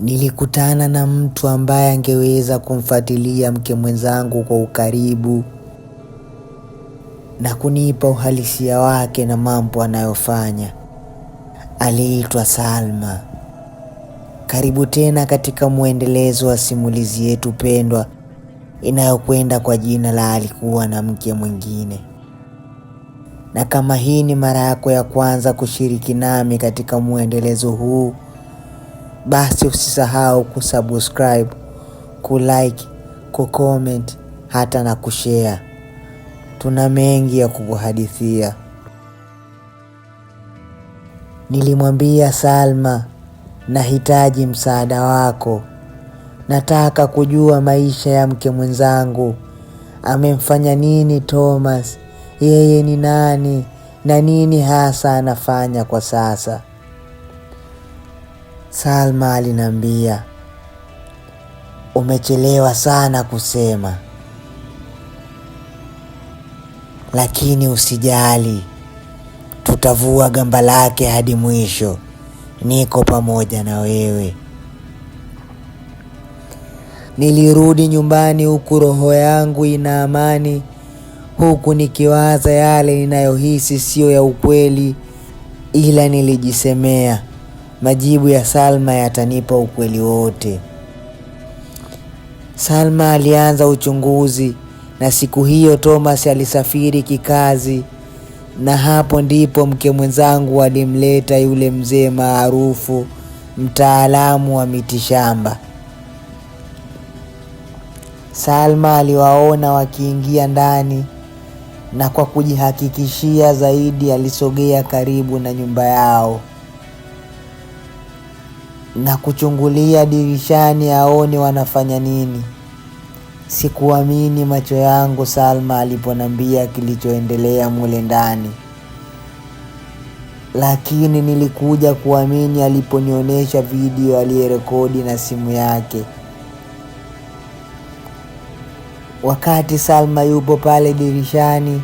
Nilikutana na mtu ambaye angeweza kumfuatilia mke mwenzangu kwa ukaribu na kunipa uhalisia wake na mambo anayofanya. Aliitwa Salma. Karibu tena katika mwendelezo wa simulizi yetu pendwa inayokwenda kwa jina la alikuwa na mke mwingine. Na kama hii ni mara yako ya kwanza kushiriki nami katika mwendelezo huu basi usisahau kusubscribe, kulike, kucomment hata na kushare. Tuna mengi ya kukuhadithia. Nilimwambia Salma, nahitaji msaada wako. Nataka kujua maisha ya mke mwenzangu, amemfanya nini Thomas, yeye ni nani na nini hasa anafanya kwa sasa. Salma aliniambia, umechelewa sana kusema, lakini usijali, tutavua gamba lake hadi mwisho. Niko pamoja na wewe. Nilirudi nyumbani huku roho yangu ina amani, huku nikiwaza yale ninayohisi sio ya ukweli, ila nilijisemea Majibu ya Salma yatanipa ukweli wote. Salma alianza uchunguzi na siku hiyo Thomas alisafiri kikazi, na hapo ndipo mke mwenzangu alimleta yule mzee maarufu, mtaalamu wa mitishamba. Salma aliwaona wakiingia ndani na kwa kujihakikishia zaidi alisogea karibu na nyumba yao na kuchungulia dirishani aone wanafanya nini. Sikuamini macho yangu Salma aliponambia kilichoendelea mule ndani, lakini nilikuja kuamini aliponionyesha video aliyerekodi na simu yake. Wakati Salma yupo pale dirishani,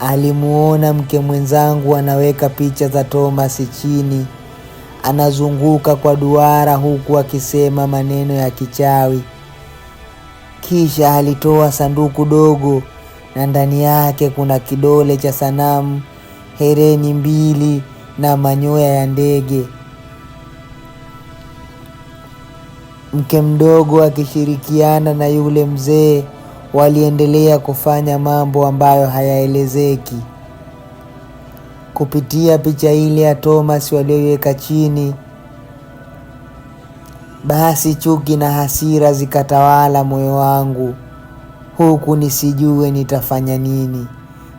alimuona mke mwenzangu anaweka picha za Thomas chini anazunguka kwa duara huku akisema maneno ya kichawi. Kisha alitoa sanduku dogo na ndani yake kuna kidole cha sanamu, hereni mbili na manyoya ya ndege. Mke mdogo akishirikiana na yule mzee waliendelea kufanya mambo ambayo hayaelezeki kupitia picha ile ya Thomas walioiweka chini, basi chuki na hasira zikatawala moyo wangu, huku nisijue nitafanya nini,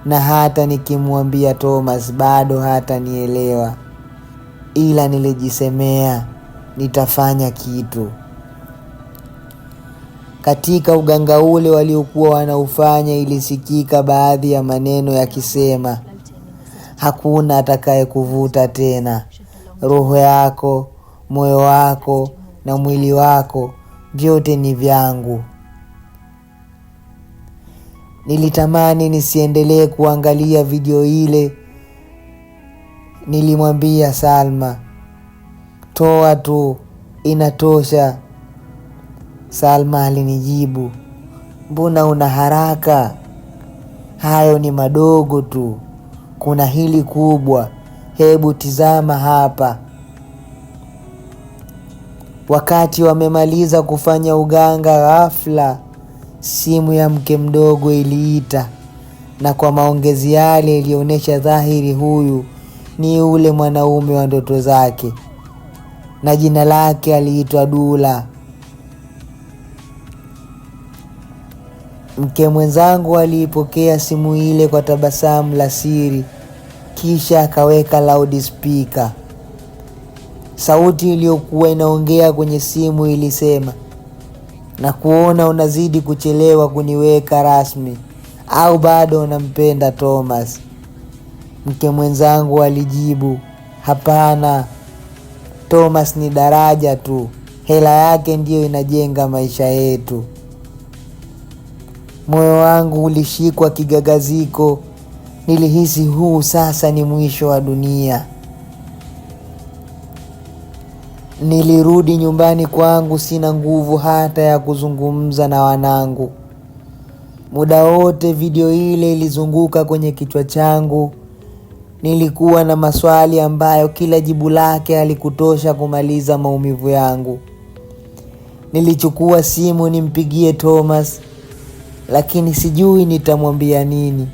na hata nikimwambia Thomas bado hata nielewa ila nilijisemea nitafanya kitu. Katika uganga ule waliokuwa wanaufanya, ilisikika baadhi ya maneno yakisema hakuna atakayekuvuta tena. Roho yako, moyo wako na mwili wako vyote ni vyangu. Nilitamani nisiendelee kuangalia video ile. Nilimwambia Salma, toa tu, inatosha. Salma alinijibu, mbona una haraka? Hayo ni madogo tu kuna hili kubwa, hebu tizama hapa. Wakati wamemaliza kufanya uganga, ghafla simu ya mke mdogo iliita, na kwa maongezi yale ilionyesha dhahiri huyu ni ule mwanaume wa ndoto zake, na jina lake aliitwa Dula. Mke mwenzangu aliipokea simu ile kwa tabasamu la siri kisha akaweka loudspeaker. Sauti iliyokuwa inaongea kwenye simu ilisema, na kuona unazidi kuchelewa kuniweka rasmi, au bado unampenda Thomas? Mke mwenzangu alijibu, hapana, Thomas ni daraja tu, hela yake ndiyo inajenga maisha yetu. Moyo wangu ulishikwa kigagaziko nilihisi huu sasa ni mwisho wa dunia. Nilirudi nyumbani kwangu, sina nguvu hata ya kuzungumza na wanangu. Muda wote video ile ilizunguka kwenye kichwa changu. Nilikuwa na maswali ambayo kila jibu lake alikutosha kumaliza maumivu yangu. Nilichukua simu nimpigie Thomas, lakini sijui nitamwambia nini.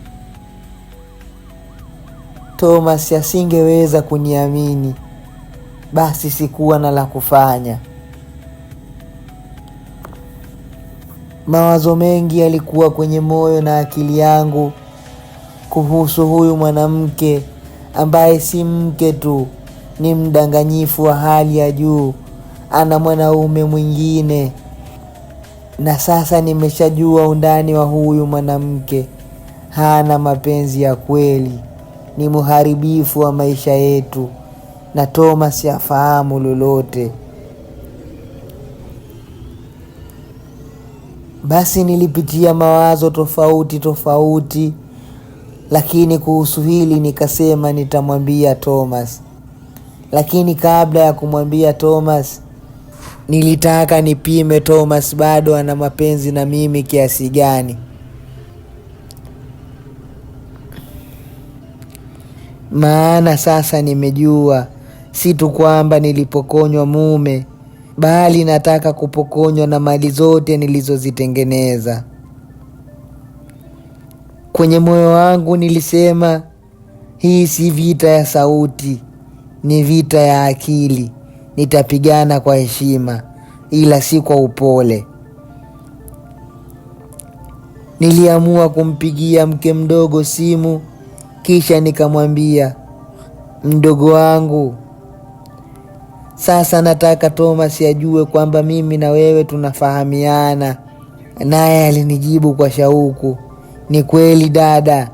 Thomas asingeweza kuniamini, basi sikuwa na la kufanya. Mawazo mengi yalikuwa kwenye moyo na akili yangu kuhusu huyu mwanamke ambaye si mke tu, ni mdanganyifu wa hali ya juu. Ana mwanaume mwingine, na sasa nimeshajua undani wa huyu mwanamke. Hana mapenzi ya kweli ni mharibifu wa maisha yetu, na Thomas afahamu lolote. Basi nilipitia mawazo tofauti tofauti, lakini kuhusu hili nikasema nitamwambia Thomas. Lakini kabla ya kumwambia Thomas, nilitaka nipime Thomas bado ana mapenzi na mimi kiasi gani. maana sasa nimejua si tu kwamba nilipokonywa mume, bali nataka kupokonywa na mali zote nilizozitengeneza. Kwenye moyo wangu nilisema, hii si vita ya sauti, ni vita ya akili. Nitapigana kwa heshima, ila si kwa upole. Niliamua kumpigia mke mdogo simu kisha nikamwambia, mdogo wangu, sasa nataka Thomas ajue kwamba mimi na wewe tunafahamiana. Naye alinijibu kwa shauku, ni kweli dada,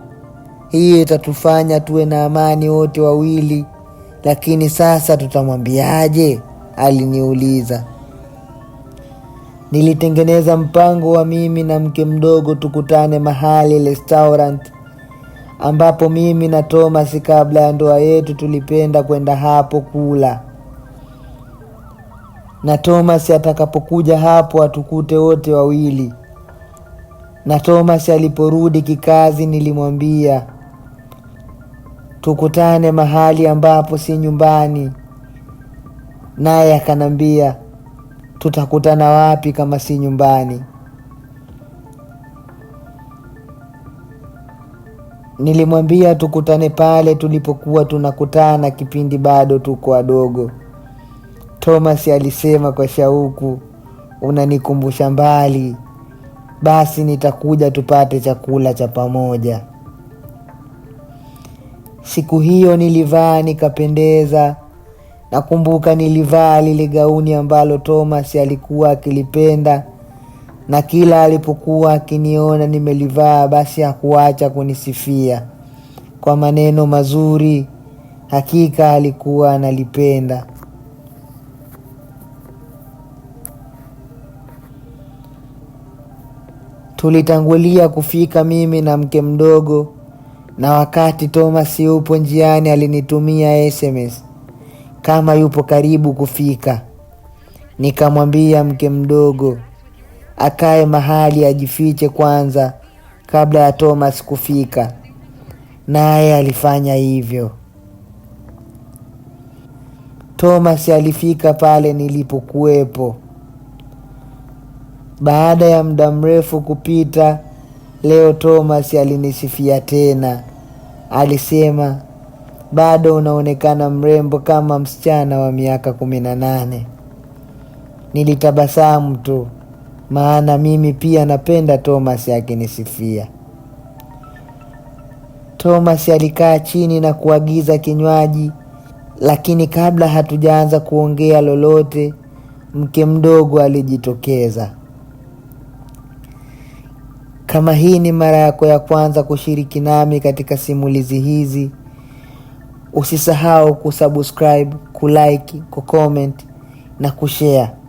hiyo itatufanya tuwe na amani wote wawili. Lakini sasa tutamwambiaje? aliniuliza. Nilitengeneza mpango wa mimi na mke mdogo tukutane mahali restaurant ambapo mimi na Thomas kabla ya ndoa yetu tulipenda kwenda hapo kula, na Thomas atakapokuja hapo atukute wote wawili. Na Thomas aliporudi kikazi, nilimwambia tukutane mahali ambapo si nyumbani, naye akanambia tutakutana wapi kama si nyumbani? Nilimwambia tukutane pale tulipokuwa tunakutana kipindi bado tuko wadogo. Thomas alisema kwa shauku, unanikumbusha mbali. Basi nitakuja tupate chakula cha pamoja. Siku hiyo nilivaa nikapendeza. Nakumbuka nilivaa lile gauni ambalo Thomas alikuwa akilipenda na kila alipokuwa akiniona nimelivaa basi hakuacha kunisifia kwa maneno mazuri. Hakika alikuwa analipenda. Tulitangulia kufika mimi na mke mdogo, na wakati Thomas yupo njiani alinitumia SMS kama yupo karibu kufika. Nikamwambia mke mdogo akae mahali ajifiche kwanza kabla ya Thomas kufika, naye alifanya hivyo. Thomas alifika pale nilipokuwepo. Baada ya muda mrefu kupita, leo Thomas alinisifia tena. Alisema, bado unaonekana mrembo kama msichana wa miaka kumi na nane. Nilitabasamu tu maana mimi pia napenda Thomas akinisifia. Thomas alikaa chini na kuagiza kinywaji, lakini kabla hatujaanza kuongea lolote, mke mdogo alijitokeza. Kama hii ni mara yako ya kwanza kushiriki nami katika simulizi hizi, usisahau kusubscribe, kulike, kucomment na kushare.